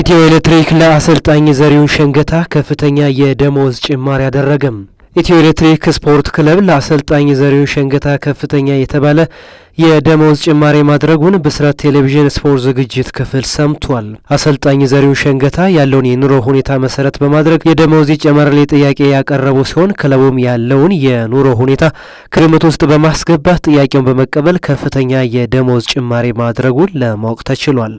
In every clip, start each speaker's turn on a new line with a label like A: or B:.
A: ኢትዮ ኤሌክትሪክ ለአሰልጣኝ ዘሪሁን ሸንገታ ከፍተኛ የደሞዝ ጭማሪ አደረገም። ኢትዮ ኤሌክትሪክ ስፖርት ክለብ ለአሰልጣኝ ዘሪሁን ሸንገታ ከፍተኛ የተባለ የደመወዝ ጭማሪ ማድረጉን ብስራት ቴሌቪዥን ስፖርት ዝግጅት ክፍል ሰምቷል። አሰልጣኝ ዘሪሁን ሸንገታ ያለውን የኑሮ ሁኔታ መሰረት በማድረግ የደመወዝ ጭማሪ ላይ ጥያቄ ያቀረቡ ሲሆን ክለቡም ያለውን የኑሮ ሁኔታ ከግምት ውስጥ በማስገባት ጥያቄውን በመቀበል ከፍተኛ የደመወዝ ጭማሪ ማድረጉን ለማወቅ ተችሏል።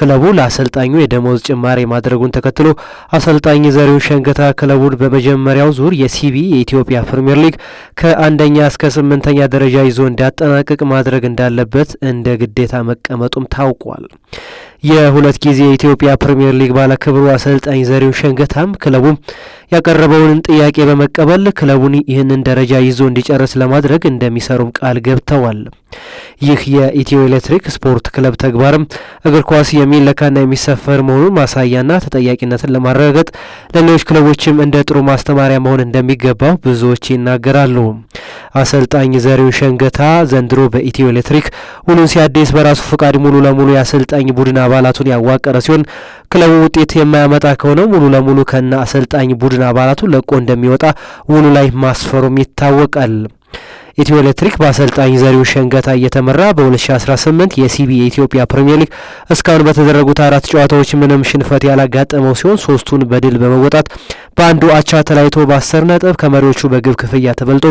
A: ክለቡ ለአሰልጣኙ የደመወዝ ጭማሪ ማድረጉን ተከትሎ አሰልጣኝ ዘሪሁን ሸንገታ ክለቡን በመጀመሪያው ዙር የሲቢ የኢትዮጵያ ፕሪምየር ሊግ ከአንደኛ እስከ ስምንተኛ ደረጃ ይዞ ማ ማድረግ እንዳለበት እንደ ግዴታ መቀመጡም ታውቋል። የሁለት ጊዜ የኢትዮጵያ ፕሪምየር ሊግ ባለክብሩ አሰልጣኝ ዘሪሁን ሸንገታም ክለቡም ያቀረበውን ጥያቄ በመቀበል ክለቡን ይህንን ደረጃ ይዞ እንዲጨርስ ለማድረግ እንደሚሰሩም ቃል ገብተዋል። ይህ የኢትዮ ኤሌክትሪክ ስፖርት ክለብ ተግባርም እግር ኳስ የሚለካና የሚሰፈር መሆኑን ማሳያና ተጠያቂነትን ለማረጋገጥ ለሌሎች ክለቦችም እንደ ጥሩ ማስተማሪያ መሆን እንደሚገባው ብዙዎች ይናገራሉ። አሰልጣኝ ዘሪው ሸንገታ ዘንድሮ በኢትዮ ኤሌክትሪክ ውሉን ሲያድስ በራሱ ፈቃድ ሙሉ ለሙሉ የአሰልጣኝ ቡድን አባላቱን ያዋቀረ ሲሆን ክለቡ ውጤት የማያመጣ ከሆነ ሙሉ ለሙሉ ከነ አሰልጣኝ ቡድን አባላቱ ለቆ እንደሚወጣ ውሉ ላይ ማስፈሩም ይታወቃል። ኢትዮ ኤሌክትሪክ በአሰልጣኝ ዘሪው ሸንገታ እየተመራ በ2018 የሲቢ የኢትዮጵያ ፕሪምየር ሊግ እስካሁን በተደረጉት አራት ጨዋታዎች ምንም ሽንፈት ያላጋጠመው ሲሆን ሶስቱን በድል በመወጣት በአንዱ አቻ ተለያይቶ በአስር ነጥብ ከመሪዎቹ በግብ ክፍያ ተበልጦ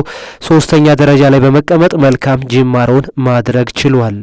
A: ሶስተኛ ደረጃ ላይ በመቀመጥ መልካም ጅማሮውን ማድረግ ችሏል።